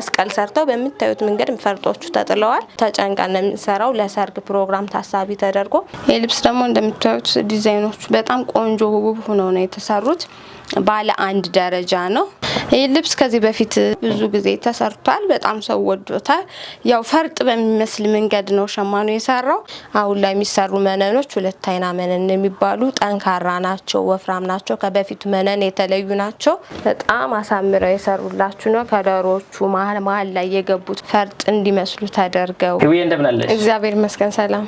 መስቀል ሰርተው በምታዩት መንገድ ፈርጦቹ ተጥለዋል። ተጨንቀን የምንሰራው ለሰርግ ፕሮግራም ታሳቢ ተደርጎ ይህ ልብስ ደግሞ እንደምታዩት ዲዛይኖቹ በጣም ቆንጆ ውብ ሆነው ነው የተሰሩት። ባለ አንድ ደረጃ ነው። ይህ ልብስ ከዚህ በፊት ብዙ ጊዜ ተሰርቷል። በጣም ሰው ወዶታል። ያው ፈርጥ በሚመስል መንገድ ነው ሸማኑ የሰራው። አሁን ላይ የሚሰሩ መነኖች ሁለት አይና መነን የሚባሉ ጠንካራ ናቸው፣ ወፍራም ናቸው። ከበፊቱ መነን የተለዩ ናቸው። በጣም አሳምረው የሰሩላችሁ ነው። ከደሮቹ መሀል መሀል ላይ የገቡት ፈርጥ እንዲመስሉ ተደርገው። እግዚአብሔር ይመስገን። ሰላም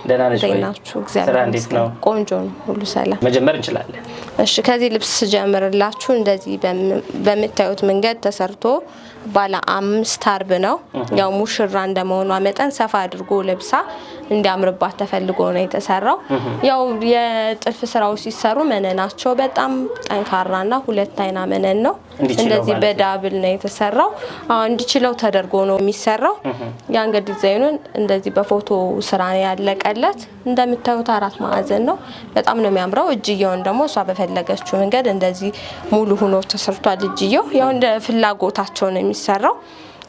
ናችሁ? እግዚአብሔር ቆንጆ ነው። ሁሉ ሰላም። መጀመር እንችላለን። እሺ ከዚህ ልብስ ስጀምርላችሁ እንደዚህ በምታዩት መንገድ ተሰርቶ ባለ አምስት አርብ ነው። ያው ሙሽራ እንደመሆኗ መጠን ሰፋ አድርጎ ለብሳ እንዲያምርባት ተፈልጎ ነው የተሰራው። ያው የጥልፍ ስራዎች ሲሰሩ መነናቸው በጣም ጠንካራና ሁለት አይና መነን ነው። እንደዚህ በዳብል ነው የተሰራው። እንዲችለው ተደርጎ ነው የሚሰራው። የአንገት ዲዛይኑን እንደዚህ በፎቶ ስራ ያለቀለት እንደምታዩት አራት ማዕዘን ነው። በጣም ነው የሚያምረው። እጅየውን ደግሞ እሷ በፈለገችው መንገድ እንደዚህ ሙሉ ሁኖ ተሰርቷል። እጅየው ያው እንደ ፍላጎታቸው ነው የሚሰራው።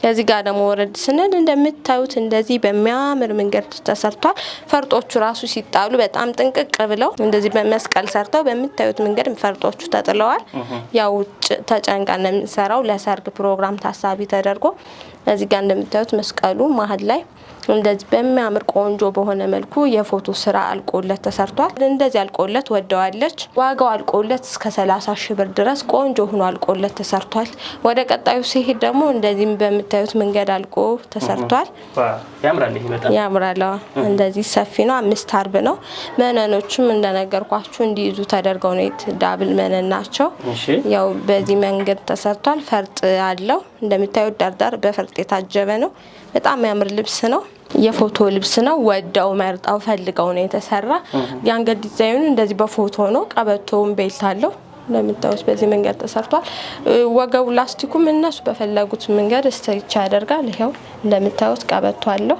ከዚህ ጋር ደግሞ ወረድ ስንል እንደምታዩት እንደዚህ በሚያምር መንገድ ተሰርቷል። ፈርጦቹ ራሱ ሲጣሉ በጣም ጥንቅቅ ብለው እንደዚህ በመስቀል ሰርተው በምታዩት መንገድ ፈርጦቹ ተጥለዋል። ያው ውጭ ተጨንቀን ነው ለሰርግ ፕሮግራም ታሳቢ ተደርጎ እዚህ ጋር እንደምታዩት መስቀሉ መሀል ላይ እንደዚህ በሚያምር ቆንጆ በሆነ መልኩ የፎቶ ስራ አልቆለት ተሰርቷል። እንደዚህ አልቆለት ወደዋለች። ዋጋው አልቆለት እስከ 30 ሺህ ብር ድረስ ቆንጆ ሆኖ አልቆለት ተሰርቷል። ወደ ቀጣዩ ሲሄድ ደግሞ እንደዚህም በምታዩት መንገድ አልቆ ተሰርቷል። ያምራል። እንደዚህ ሰፊ ነው። አምስት አርብ ነው። መነኖቹም እንደነገርኳችሁ እንዲይዙ ተደርገው ነው። ዳብል መነን ናቸው። ያው በዚህ መንገድ ተሰርቷል። ፈርጥ አለው። እንደምታዩት ዳርዳር በፈርጥ የታጀበ ነው። በጣም የሚያምር ልብስ ነው። የፎቶ ልብስ ነው። ወደው መርጠው ፈልገው ነው የተሰራ። የአንገት ዲዛይኑ እንደዚህ በፎቶ ነው። ቀበቶውን ቤልት አለው እንደምታዩት በዚህ መንገድ ተሰርቷል። ወገቡ ላስቲኩም እነሱ በፈለጉት መንገድ ስትሪች ያደርጋል። ይኸው እንደምታዩት ቀበቶ አለው።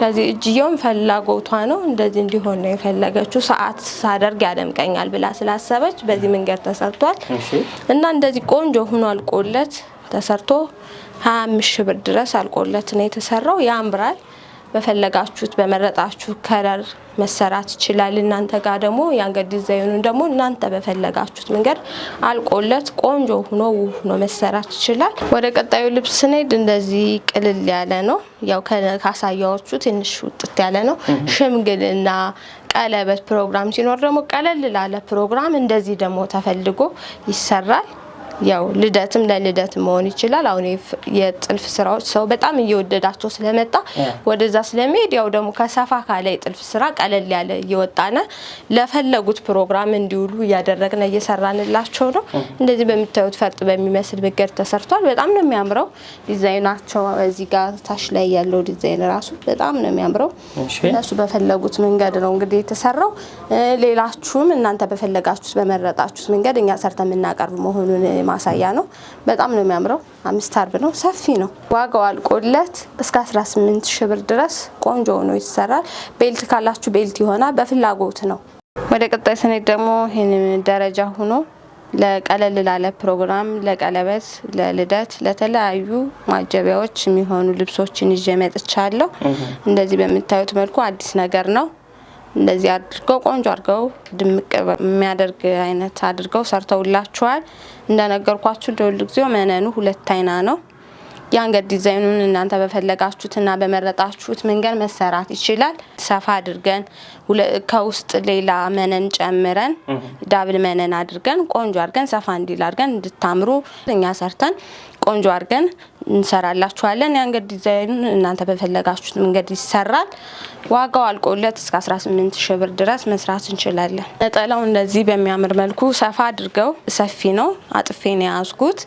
ከዚህ እጅየውም ፈላጎቷ ነው፣ እንደዚህ እንዲሆን ነው የፈለገችው። ሰዓት ሳደርግ ያደምቀኛል ብላ ስላሰበች በዚህ መንገድ ተሰርቷል እና እንደዚህ ቆንጆ ሆኗል ቆለት ተሰርቶ 25 ሺህ ብር ድረስ አልቆለት ነው የተሰራው። ያምራል። በፈለጋችሁት በመረጣችሁ ከለር መሰራት ይችላል። እናንተ ጋር ደግሞ የአንገት ዲዛይኑን ደግሞ እናንተ በፈለጋችሁት መንገድ አልቆለት ቆንጆ ሆኖ ውብ ሆኖ መሰራት ይችላል። ወደ ቀጣዩ ልብስ ስንሄድ እንደዚህ ቅልል ያለ ነው። ያው ካሳያዎቹ ትንሽ ውጥት ያለ ነው። ሽምግልና፣ ቀለበት ፕሮግራም ሲኖር ደግሞ ቀለል ላለ ፕሮግራም እንደዚህ ደግሞ ተፈልጎ ይሰራል። ያው ልደትም ለልደት መሆን ይችላል። አሁን የጥልፍ ስራዎች ሰው በጣም እየወደዳቸው ስለመጣ ወደዛ ስለሚሄድ ያው ደግሞ ከሰፋ ካለ የጥልፍ ስራ ቀለል ያለ እየወጣነ ለፈለጉት ፕሮግራም እንዲውሉ እያደረግነ እየሰራንላቸው ነው። እንደዚህ በምታዩት ፈርጥ በሚመስል ብገድ ተሰርቷል። በጣም ነው የሚያምረው ዲዛይናቸው። እዚህ ጋር ታች ላይ ያለው ዲዛይን ራሱ በጣም ነው የሚያምረው። እነሱ በፈለጉት መንገድ ነው እንግዲህ የተሰራው። ሌላችሁም እናንተ በፈለጋችሁት በመረጣችሁት መንገድ እኛ ሰርተ የምናቀርብ መሆኑን ማሳያ ነው። በጣም ነው የሚያምረው። አምስት አርብ ነው፣ ሰፊ ነው። ዋጋው አልቆለት እስከ 18 ሺህ ብር ድረስ ቆንጆ ሆኖ ይሰራል። ቤልት ካላችሁ ቤልት ይሆናል። በፍላጎት ነው። ወደ ቀጣይ ስኔት ደግሞ ይህን ደረጃ ሆኖ ለቀለል ላለ ፕሮግራም፣ ለቀለበት፣ ለልደት፣ ለተለያዩ ማጀቢያዎች የሚሆኑ ልብሶችን ይዤ መጥቻለሁ። እንደዚህ በምታዩት መልኩ አዲስ ነገር ነው። እንደዚህ አድርገው ቆንጆ አድርገው ድምቅ የሚያደርግ አይነት አድርገው ሰርተውላችኋል። እንደነገርኳችሁ ደውል ጊዜው መነኑ ሁለት አይና ነው። የአንገት ዲዛይኑን እናንተ በፈለጋችሁትና በመረጣችሁት መንገድ መሰራት ይችላል። ሰፋ አድርገን ከውስጥ ሌላ መነን ጨምረን ዳብል መነን አድርገን ቆንጆ አድርገን ሰፋ እንዲል አድርገን እንድታምሩ እኛ ሰርተን ቆንጆ አድርገን እንሰራላችኋለን። የአንገት ዲዛይኑ እናንተ በፈለጋችሁት መንገድ ይሰራል። ዋጋው አልቆለት እስከ 18 ሺ ብር ድረስ መስራት እንችላለን። ነጠላው እንደዚህ በሚያምር መልኩ ሰፋ አድርገው ሰፊ ነው አጥፌን የያዝኩት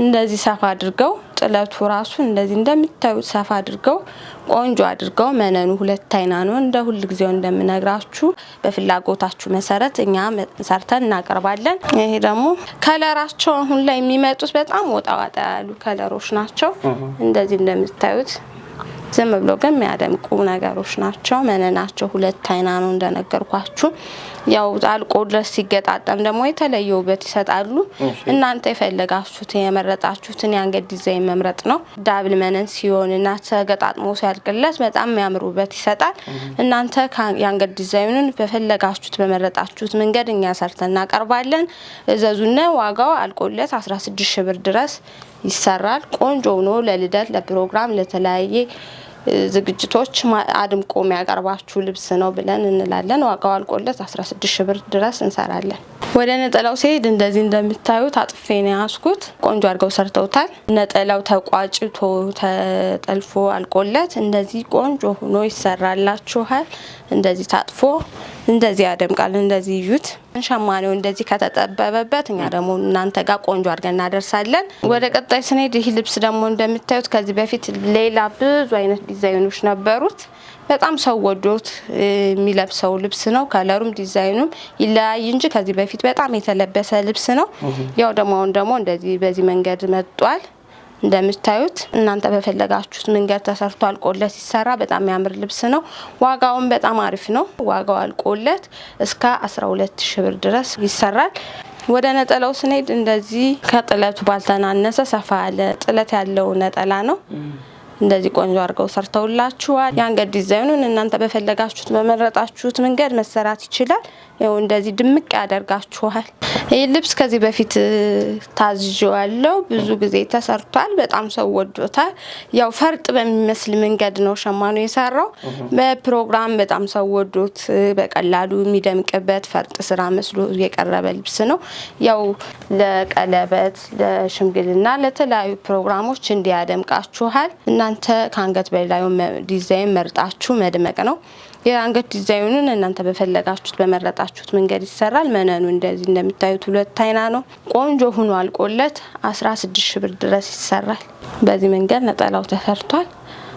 እንደዚህ ሰፋ አድርገው ጥለቱ ራሱ እንደዚህ እንደምታዩት ሰፋ አድርገው ቆንጆ አድርገው መነኑ ሁለት አይና ነው። እንደ ሁል ጊዜው እንደምነግራችሁ በፍላጎታችሁ መሰረት እኛ ሰርተን እናቀርባለን። ይሄ ደግሞ ከለራቸው አሁን ላይ የሚመጡት በጣም ወጣ ዋጠ ያሉ ከለሮች ናቸው። እንደዚህ እንደምታዩት ዝም ብሎ ግን የሚያደምቁ ነገሮች ናቸው። መነናቸው ሁለት አይና ነው እንደነገርኳችሁ። ያው አልቆ ድረስ ሲገጣጠም ደግሞ የተለየ ውበት ይሰጣሉ። እናንተ የፈለጋችሁትን የመረጣችሁትን የአንገት ዲዛይን መምረጥ ነው። ዳብል መነን ሲሆንና ተገጣጥሞ ሲያልቅለት በጣም የሚያምር ውበት ይሰጣል። እናንተ የአንገት ዲዛይኑን በፈለጋችሁት በመረጣችሁት መንገድ እኛ ሰርተን እናቀርባለን። እዘዙነ ዋጋው አልቆለት 16 ሺ ብር ድረስ ይሰራል። ቆንጆ ሆኖ ለልደት፣ ለፕሮግራም፣ ለተለያየ ዝግጅቶች አድምቆ የሚያቀርባችሁ ልብስ ነው ብለን እንላለን። ዋጋው አልቆለት 16 ሺ ብር ድረስ እንሰራለን። ወደ ነጠላው ሲሄድ እንደዚህ እንደምታዩት አጥፌ ነው ያስኩት። ቆንጆ አድርገው ሰርተውታል። ነጠላው ተቋጭቶ ተጠልፎ አልቆለት እንደዚህ ቆንጆ ሆኖ ይሰራላችኋል። እንደዚህ ታጥፎ እንደዚህ ያደምቃል። እንደዚህ ይዩት። ሸማኔው እንደዚህ ከተጠበበበት እኛ ደግሞ እናንተ ጋር ቆንጆ አድርገን እናደርሳለን። ወደ ቀጣይ ስንሄድ ይህ ልብስ ደግሞ እንደምታዩት ከዚህ በፊት ሌላ ብዙ አይነት ዲዛይኖች ነበሩት። በጣም ሰው ወዶት የሚለብሰው ልብስ ነው። ከለሩም ዲዛይኑም ይለያይ እንጂ ከዚህ በፊት በጣም የተለበሰ ልብስ ነው። ያው ደግሞ አሁን ደግሞ እንደዚህ በዚህ መንገድ መጧል። እንደምታዩት እናንተ በፈለጋችሁት መንገድ ተሰርቶ አልቆለት ሲሰራ በጣም የሚያምር ልብስ ነው። ዋጋውን በጣም አሪፍ ነው። ዋጋው አልቆለት እስከ 12 ሺህ ብር ድረስ ይሰራል። ወደ ነጠላው ስንሄድ እንደዚህ ከጥለቱ ባልተናነሰ ሰፋ ያለ ጥለት ያለው ነጠላ ነው። እንደዚህ ቆንጆ አድርገው ሰርተውላችኋል። የአንገት ዲዛይኑን እናንተ በፈለጋችሁት በመረጣችሁት መንገድ መሰራት ይችላል። ይኸው እንደዚህ ድምቅ ያደርጋችኋል። ይህ ልብስ ከዚህ በፊት ታዝዤዋለሁ። ብዙ ጊዜ ተሰርቷል። በጣም ሰው ወዶታል። ያው ፈርጥ በሚመስል መንገድ ነው ሸማኑ የሰራው። በፕሮግራም በጣም ሰው ወዶት በቀላሉ የሚደምቅበት ፈርጥ ስራ መስሎ የቀረበ ልብስ ነው። ያው ለቀለበት፣ ለሽምግልና፣ ለተለያዩ ፕሮግራሞች እንዲያደምቃችኋል። እናንተ ከአንገት በላዩ ዲዛይን መርጣችሁ መድመቅ ነው። የአንገት ዲዛይኑን እናንተ በፈለጋችሁት በመረጣችሁት መንገድ ይሰራል። መነኑ እንደዚህ እንደምታዩት ሁለት አይና ነው። ቆንጆ ሁኖ አልቆለት 16 ሺ ብር ድረስ ይሰራል። በዚህ መንገድ ነጠላው ተሰርቷል።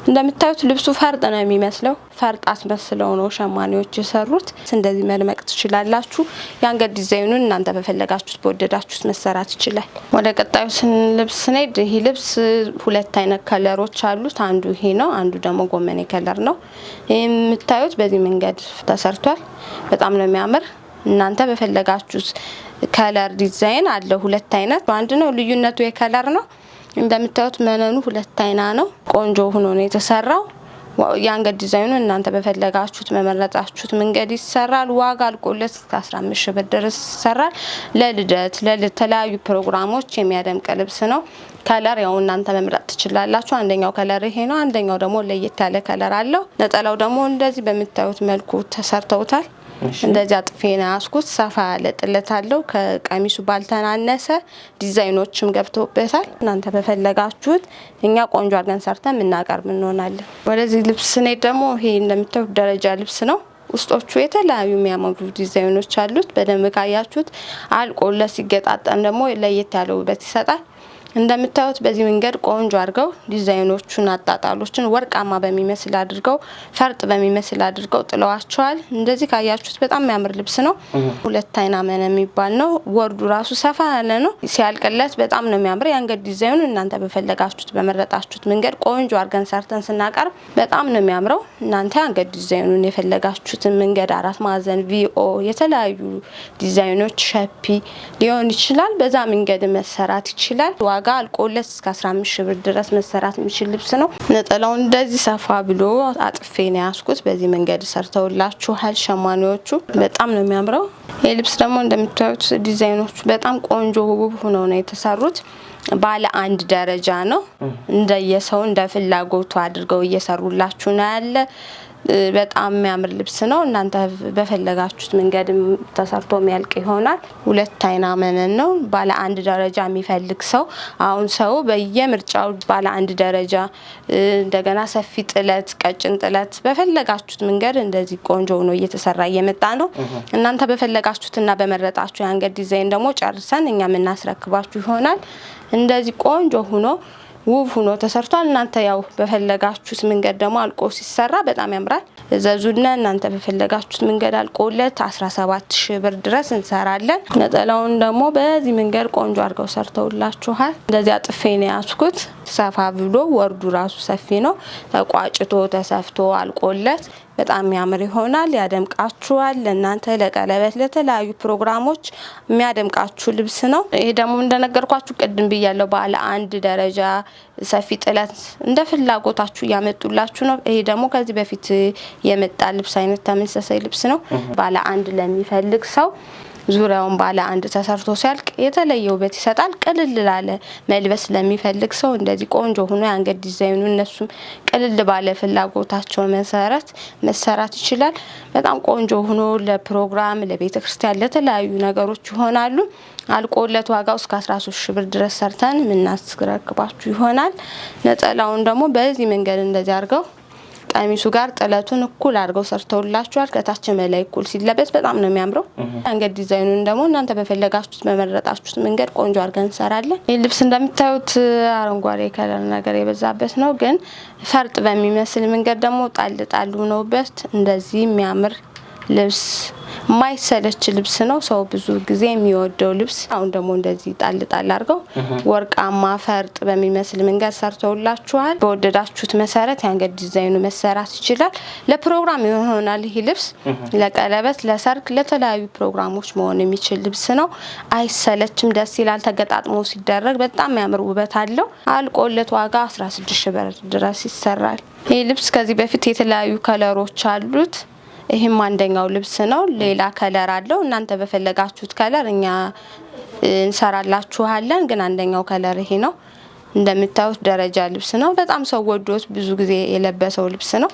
እንደምታዩት ልብሱ ፈርጥ ነው የሚመስለው። ፈርጥ አስመስለው ነው ሸማኔዎች የሰሩት። እንደዚህ መልመቅ ትችላላችሁ። የአንገት ዲዛይኑን እናንተ በፈለጋችሁት በወደዳችሁት መሰራት ይችላል። ወደ ቀጣዩ ልብስ ስንሄድ ይህ ልብስ ሁለት አይነት ከለሮች አሉት። አንዱ ይሄ ነው፣ አንዱ ደግሞ ጎመኔ ከለር ነው። ይህ የምታዩት በዚህ መንገድ ተሰርቷል። በጣም ነው የሚያምር። እናንተ በፈለጋችሁት ከለር ዲዛይን አለ ሁለት አይነት። አንድ ነው ልዩነቱ የከለር ነው። እንደምታዩት መነኑ ሁለት አይና ነው። ቆንጆ ሆኖ ነው የተሰራው። የአንገት ዲዛይኑ እናንተ በፈለጋችሁት መመረጣችሁት መንገድ ይሰራል። ዋጋ አልቆለት እስከ 15 ሺህ ብር ድረስ ይሰራል። ለልደት፣ ለተለያዩ ፕሮግራሞች የሚያደምቅ ልብስ ነው። ከለር ያው እናንተ መምረጥ ትችላላችሁ። አንደኛው ከለር ይሄ ነው። አንደኛው ደግሞ ለየት ያለ ከለር አለው። ነጠላው ደግሞ እንደዚህ በምታዩት መልኩ ተሰርተውታል። እንደዚህ አጥፌ ነው ያስኩት። ሰፋ ያለ ጥለት አለው ከቀሚሱ ባልተናነሰ ዲዛይኖችም ገብተውበታል። እናንተ በፈለጋችሁት እኛ ቆንጆ አድርገን ሰርተን የምናቀርብ እንሆናለን። ወደዚህ ልብስ እኔ ደግሞ ይሄ እንደምታዩት ደረጃ ልብስ ነው። ውስጦቹ የተለያዩ የሚያማምሩ ዲዛይኖች አሉት። በደንብ ካያችሁት አልቆ ለሲገጣጠም ደግሞ ለየት ያለ ውበት ይሰጣል። እንደምታዩት በዚህ መንገድ ቆንጆ አድርገው ዲዛይኖቹን አጣጣሎችን ወርቃማ በሚመስል አድርገው ፈርጥ በሚመስል አድርገው ጥለዋቸዋል። እንደዚህ ካያችሁት በጣም የሚያምር ልብስ ነው። ሁለት አይና መነ የሚባል ነው። ወርዱ ራሱ ሰፋ ያለ ነው። ሲያልቅለት በጣም ነው የሚያምር። የአንገት ዲዛይኑ እናንተ በፈለጋችሁት በመረጣችሁት መንገድ ቆንጆ አድርገን ሰርተን ስናቀርብ በጣም ነው የሚያምረው። እናንተ የአንገት ዲዛይኑን የፈለጋችሁትን መንገድ አራት ማዕዘን፣ ቪኦ፣ የተለያዩ ዲዛይኖች ሸፒ ሊሆን ይችላል። በዛ መንገድ መሰራት ይችላል። ዋጋ ዋጋ አልቆለት እስከ 15 ሺ ብር ድረስ መሰራት የሚችል ልብስ ነው። ነጠላው እንደዚህ ሰፋ ብሎ አጥፌ ነው ያስኩት። በዚህ መንገድ ሰርተውላችኋል ሸማኔዎቹ። በጣም ነው የሚያምረው። ይህ ልብስ ደግሞ እንደምታዩት ዲዛይኖቹ በጣም ቆንጆ ውብ ሆነው ነው የተሰሩት። ባለ አንድ ደረጃ ነው። እንደየሰው እንደ ፍላጎቱ አድርገው እየሰሩላችሁ ነው ያለ በጣም የሚያምር ልብስ ነው። እናንተ በፈለጋችሁት መንገድ ተሰርቶ የሚያልቅ ይሆናል። ሁለት አይና መነን ነው። ባለ አንድ ደረጃ የሚፈልግ ሰው አሁን ሰው በየምርጫው ባለ አንድ ደረጃ እንደገና ሰፊ ጥለት፣ ቀጭን ጥለት በፈለጋችሁት መንገድ እንደዚህ ቆንጆ ሆኖ እየተሰራ እየመጣ ነው። እናንተ በፈለጋችሁትና በመረጣችሁ የአንገት ዲዛይን ደግሞ ጨርሰን እኛ የምናስረክባችሁ ይሆናል። እንደዚህ ቆንጆ ሁኖ ውብ ሆኖ ተሰርቷል። እናንተ ያው በፈለጋችሁት መንገድ ደግሞ አልቆ ሲሰራ በጣም ያምራል። ዘዙነ እናንተ በፈለጋችሁት መንገድ አልቆለት 17 ሺህ ብር ድረስ እንሰራለን። ነጠላውን ደግሞ በዚህ መንገድ ቆንጆ አድርገው ሰርተውላችኋል። እንደዚህ አጥፌ ነው ያስኩት። ሰፋ ብሎ ወርዱ ራሱ ሰፊ ነው። ተቋጭቶ ተሰፍቶ አልቆለት በጣም የሚያምር ይሆናል፣ ያደምቃችኋል። ለእናንተ ለቀለበት፣ ለተለያዩ ፕሮግራሞች የሚያደምቃችሁ ልብስ ነው። ይሄ ደግሞ እንደነገርኳችሁ ቅድም ብያለው፣ ባለ አንድ ደረጃ ሰፊ ጥለት እንደ ፍላጎታችሁ እያመጡላችሁ ነው። ይሄ ደግሞ ከዚህ በፊት የመጣ ልብስ አይነት ተመሳሳይ ልብስ ነው። ባለ አንድ ለሚፈልግ ሰው ዙሪያውን ባለ አንድ ተሰርቶ ሲያልቅ የተለየ ውበት ይሰጣል። ቅልል ላለ መልበስ ለሚፈልግ ሰው እንደዚህ ቆንጆ ሆኖ የአንገት ዲዛይኑ እነሱም ቅልል ባለ ፍላጎታቸው መሰረት መሰራት ይችላል። በጣም ቆንጆ ሆኖ ለፕሮግራም፣ ለቤተ ክርስቲያን፣ ለተለያዩ ነገሮች ይሆናሉ። አልቆለት ዋጋው እስከ 13 ሺህ ብር ድረስ ሰርተን የምናስረክባችሁ ይሆናል። ነጠላውን ደግሞ በዚህ መንገድ እንደዚህ አድርገው ቀሚሱ ጋር ጥለቱን እኩል አድርገው ሰርተውላችኋል። ከታች መላይ እኩል ሲለበስ በጣም ነው የሚያምረው። አንገት ዲዛይኑን ደግሞ እናንተ በፈለጋችሁት በመረጣችሁት መንገድ ቆንጆ አድርገን እንሰራለን። ይህ ልብስ እንደምታዩት አረንጓዴ ከለር ነገር የበዛበት ነው፣ ግን ፈርጥ በሚመስል መንገድ ደግሞ ጣል ጣል ሆነውበት እንደዚህ የሚያምር ልብስ የማይሰለች ልብስ ነው። ሰው ብዙ ጊዜ የሚወደው ልብስ። አሁን ደግሞ እንደዚህ ጣል ጣል አድርገው ወርቃማ ፈርጥ በሚመስል መንገድ ሰርተውላችኋል። በወደዳችሁት መሰረት የአንገት ዲዛይኑ መሰራት ይችላል። ለፕሮግራም ይሆናል ይህ ልብስ። ለቀለበት፣ ለሰርግ፣ ለተለያዩ ፕሮግራሞች መሆን የሚችል ልብስ ነው። አይሰለችም፣ ደስ ይላል። ተገጣጥሞ ሲደረግ በጣም የሚያምር ውበት አለው። አልቆለት ዋጋ 16 ሺ ብር ድረስ ይሰራል። ይህ ልብስ ከዚህ በፊት የተለያዩ ከለሮች አሉት። ይህም አንደኛው ልብስ ነው። ሌላ ከለር አለው። እናንተ በፈለጋችሁት ከለር እኛ እንሰራላችኋለን። ግን አንደኛው ከለር ይሄ ነው። እንደምታዩት ደረጃ ልብስ ነው። በጣም ሰው ወዶት ብዙ ጊዜ የለበሰው ልብስ ነው።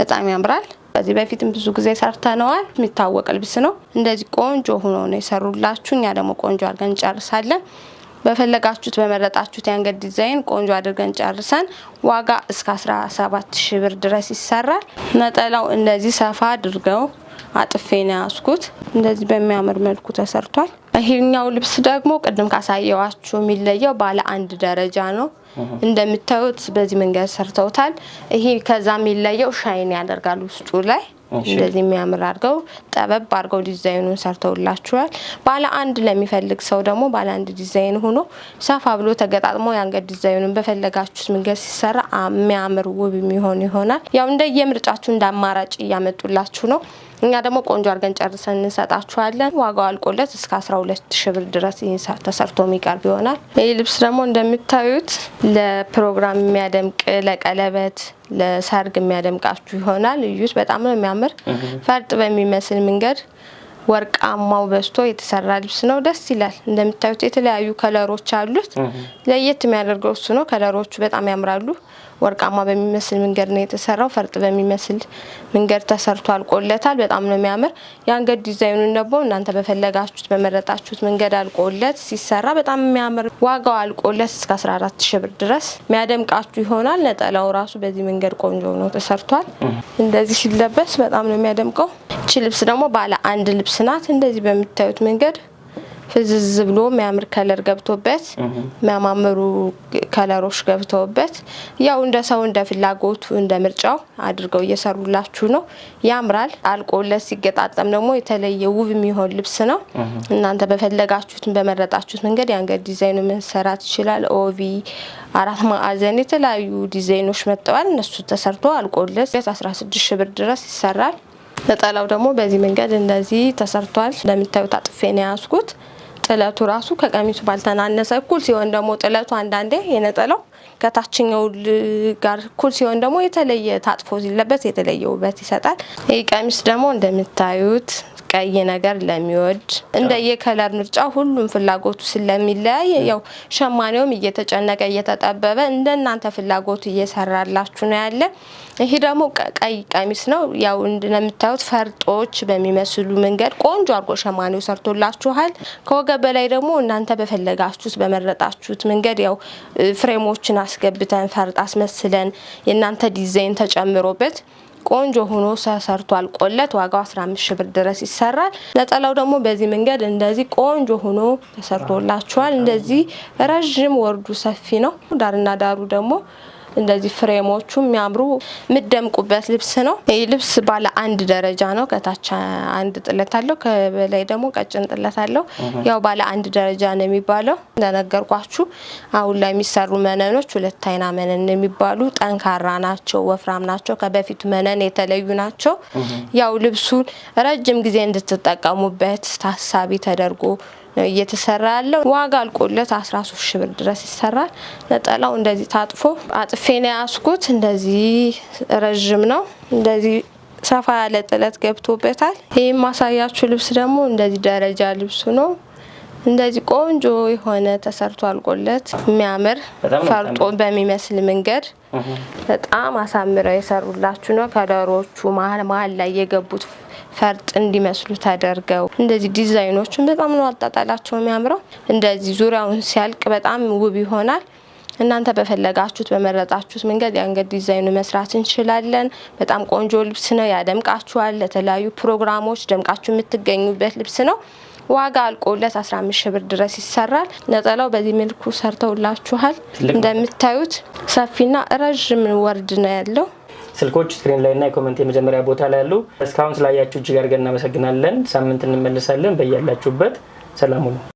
በጣም ያምራል። ከዚህ በፊትም ብዙ ጊዜ ሰርተነዋል። የሚታወቅ ልብስ ነው። እንደዚህ ቆንጆ ሆኖ ነው የሰሩላችሁ። እኛ ደግሞ ቆንጆ አድርገን እንጨርሳለን። በፈለጋችሁት በመረጣችሁት የአንገት ዲዛይን ቆንጆ አድርገን ጨርሰን ዋጋ እስከ 17 ሺህ ብር ድረስ ይሰራል። ነጠላው እንደዚህ ሰፋ አድርገው አጥፌ ነው ያስኩት። እንደዚህ በሚያምር መልኩ ተሰርቷል። ይሄኛው ልብስ ደግሞ ቅድም ካሳየዋችሁ የሚለየው ባለ አንድ ደረጃ ነው። እንደምታዩት በዚህ መንገድ ሰርተውታል። ይሄ ከዛ የሚለየው ሻይን ያደርጋል ውስጡ ላይ እንደዚህ የሚያምር አድርገው ጠበብ አድርገው ዲዛይኑን ሰርተውላችኋል። ባለ አንድ ለሚፈልግ ሰው ደግሞ ባለ አንድ ዲዛይን ሆኖ ሰፋ ብሎ ተገጣጥሞ የአንገት ዲዛይኑን በፈለጋችሁት መንገድ ሲሰራ የሚያምር ውብ የሚሆን ይሆናል። ያው እንደየምርጫችሁ እንደ አማራጭ እያመጡላችሁ ነው። እኛ ደግሞ ቆንጆ አድርገን ጨርሰን እንሰጣችኋለን። ዋጋው አልቆለት እስከ 12 ሺ ብር ድረስ ተሰርቶ የሚቀርብ ይሆናል። ይህ ልብስ ደግሞ እንደምታዩት ለፕሮግራም የሚያደምቅ ለቀለበት ለሰርግ የሚያደምቃችሁ ይሆናል። እዩት፣ በጣም ነው የሚያምር። ፈርጥ በሚመስል መንገድ ወርቃማው በዝቶ የተሰራ ልብስ ነው። ደስ ይላል። እንደምታዩት የተለያዩ ከለሮች አሉት። ለየት የሚያደርገው እሱ ነው። ከለሮቹ በጣም ያምራሉ። ወርቃማ በሚመስል መንገድ ነው የተሰራው። ፈርጥ በሚመስል መንገድ ተሰርቶ አልቆለታል። በጣም ነው የሚያምር። የአንገት ዲዛይኑን ደግሞ እናንተ በፈለጋችሁት በመረጣችሁት መንገድ አልቆለት ሲሰራ በጣም የሚያምር ዋጋው አልቆለት እስከ 14 ሺ ብር ድረስ የሚያደምቃችሁ ይሆናል። ነጠላው ራሱ በዚህ መንገድ ቆንጆ ነው ተሰርቷል። እንደዚህ ሲለበስ በጣም ነው የሚያደምቀው። ይቺ ልብስ ደግሞ ባለ አንድ ልብስ ናት። እንደዚህ በምታዩት መንገድ ፍዝዝ ብሎ የሚያምር ከለር ገብቶበት የሚያማምሩ ከለሮች ገብተውበት ያው እንደ ሰው እንደ ፍላጎቱ እንደ ምርጫው አድርገው እየሰሩላችሁ ነው። ያምራል። አልቆለት ሲገጣጠም ደግሞ የተለየ ውብ የሚሆን ልብስ ነው። እናንተ በፈለጋችሁትን በመረጣችሁት መንገድ የአንገት ዲዛይኑ መሰራት ይችላል። ኦቪ፣ አራት ማዕዘን የተለያዩ ዲዛይኖች መጥተዋል። እነሱ ተሰርቶ አልቆለት 16 ሺህ ብር ድረስ ይሰራል። ነጠላው ደግሞ በዚህ መንገድ እንደዚህ ተሰርቷል። እንደምታዩት አጥፌ ነው ያስኩት። ጥለቱ ራሱ ከቀሚሱ ባልተናነሰ እኩል ሲሆን ደግሞ ጥለቱ አንዳንዴ የነጠላው ከታችኛው ጋር እኩል ሲሆን ደግሞ የተለየ ታጥፎ ሲለበስ የተለየ ውበት ይሰጣል። ይህ ቀሚስ ደግሞ እንደምታዩት ቀይ ነገር ለሚወድ እንደ የከለር ምርጫ ሁሉም ፍላጎቱ ስለሚለያይ ያው ሸማኔውም እየተጨነቀ እየተጠበበ እንደናንተ ፍላጎት እየሰራላችሁ ነው ያለ። ይሄ ደግሞ ቀይ ቀሚስ ነው። ያው እንደምታዩት ፈርጦች በሚመስሉ መንገድ ቆንጆ አድርጎ ሸማኔው ሰርቶላችኋል። ከወገብ በላይ ደግሞ እናንተ በፈለጋችሁት በመረጣችሁት መንገድ ያው ፍሬሞችን አስገብተን ፈርጥ አስመስለን የእናንተ ዲዛይን ተጨምሮበት ቆንጆ ሆኖ ተሰርቷል። ቆለት ዋጋው 15 ሺህ ብር ድረስ ይሰራል። ነጠላው ደግሞ በዚህ መንገድ እንደዚህ ቆንጆ ሆኖ ተሰርቶላችኋል። እንደዚህ ረዥም ወርዱ ሰፊ ነው። ዳርና ዳሩ ደግሞ እንደዚህ ፍሬሞቹ የሚያምሩ የምደምቁበት ልብስ ነው። ይህ ልብስ ባለ አንድ ደረጃ ነው። ከታች አንድ ጥለት አለው፣ ከበላይ ደግሞ ቀጭን ጥለት አለው። ያው ባለ አንድ ደረጃ ነው የሚባለው። እንደነገርኳችሁ አሁን ላይ የሚሰሩ መነኖች ሁለት አይና መነን የሚባሉ ጠንካራ ናቸው፣ ወፍራም ናቸው፣ ከበፊቱ መነን የተለዩ ናቸው። ያው ልብሱን ረጅም ጊዜ እንድትጠቀሙበት ታሳቢ ተደርጎ ነው እየተሰራ ያለው። ዋጋ አልቆለት 13 ሺ ብር ድረስ ይሰራል። ነጠላው እንደዚህ ታጥፎ አጥፌ ነው ያስኩት። እንደዚህ ረዥም ነው። እንደዚህ ሰፋ ያለ ጥለት ገብቶበታል። ይህም ማሳያችሁ ልብስ ደግሞ እንደዚህ ደረጃ ልብሱ ነው። እንደዚህ ቆንጆ የሆነ ተሰርቶ አልቆለት የሚያምር ፈርጦ በሚመስል መንገድ በጣም አሳምረው የሰሩላችሁ ነው። ከዶሮዎቹ መሀል መሀል ላይ የገቡት ፈርጥ እንዲመስሉ ተደርገው እንደዚህ ዲዛይኖቹን በጣም ነው አጣጣላቸው የሚያምረው። እንደዚህ ዙሪያውን ሲያልቅ በጣም ውብ ይሆናል። እናንተ በፈለጋችሁት በመረጣችሁት መንገድ የአንገት ዲዛይኑ መስራት እንችላለን። በጣም ቆንጆ ልብስ ነው፣ ያደምቃችኋል። ለተለያዩ ፕሮግራሞች ደምቃችሁ የምትገኙበት ልብስ ነው። ዋጋ አልቆለት 15 ሺ ብር ድረስ ይሰራል። ነጠላው በዚህ መልኩ ሰርተውላችኋል። እንደምታዩት ሰፊና ረዥም ወርድ ነው ያለው። ስልኮች ስክሪን ላይ እና የኮመንት የመጀመሪያ ቦታ ላይ ያሉ። እስካሁን ስላያችሁ እጅግ አድርገን እናመሰግናለን። ሳምንት እንመልሳለን። በያላችሁበት ሰላሙ ነው።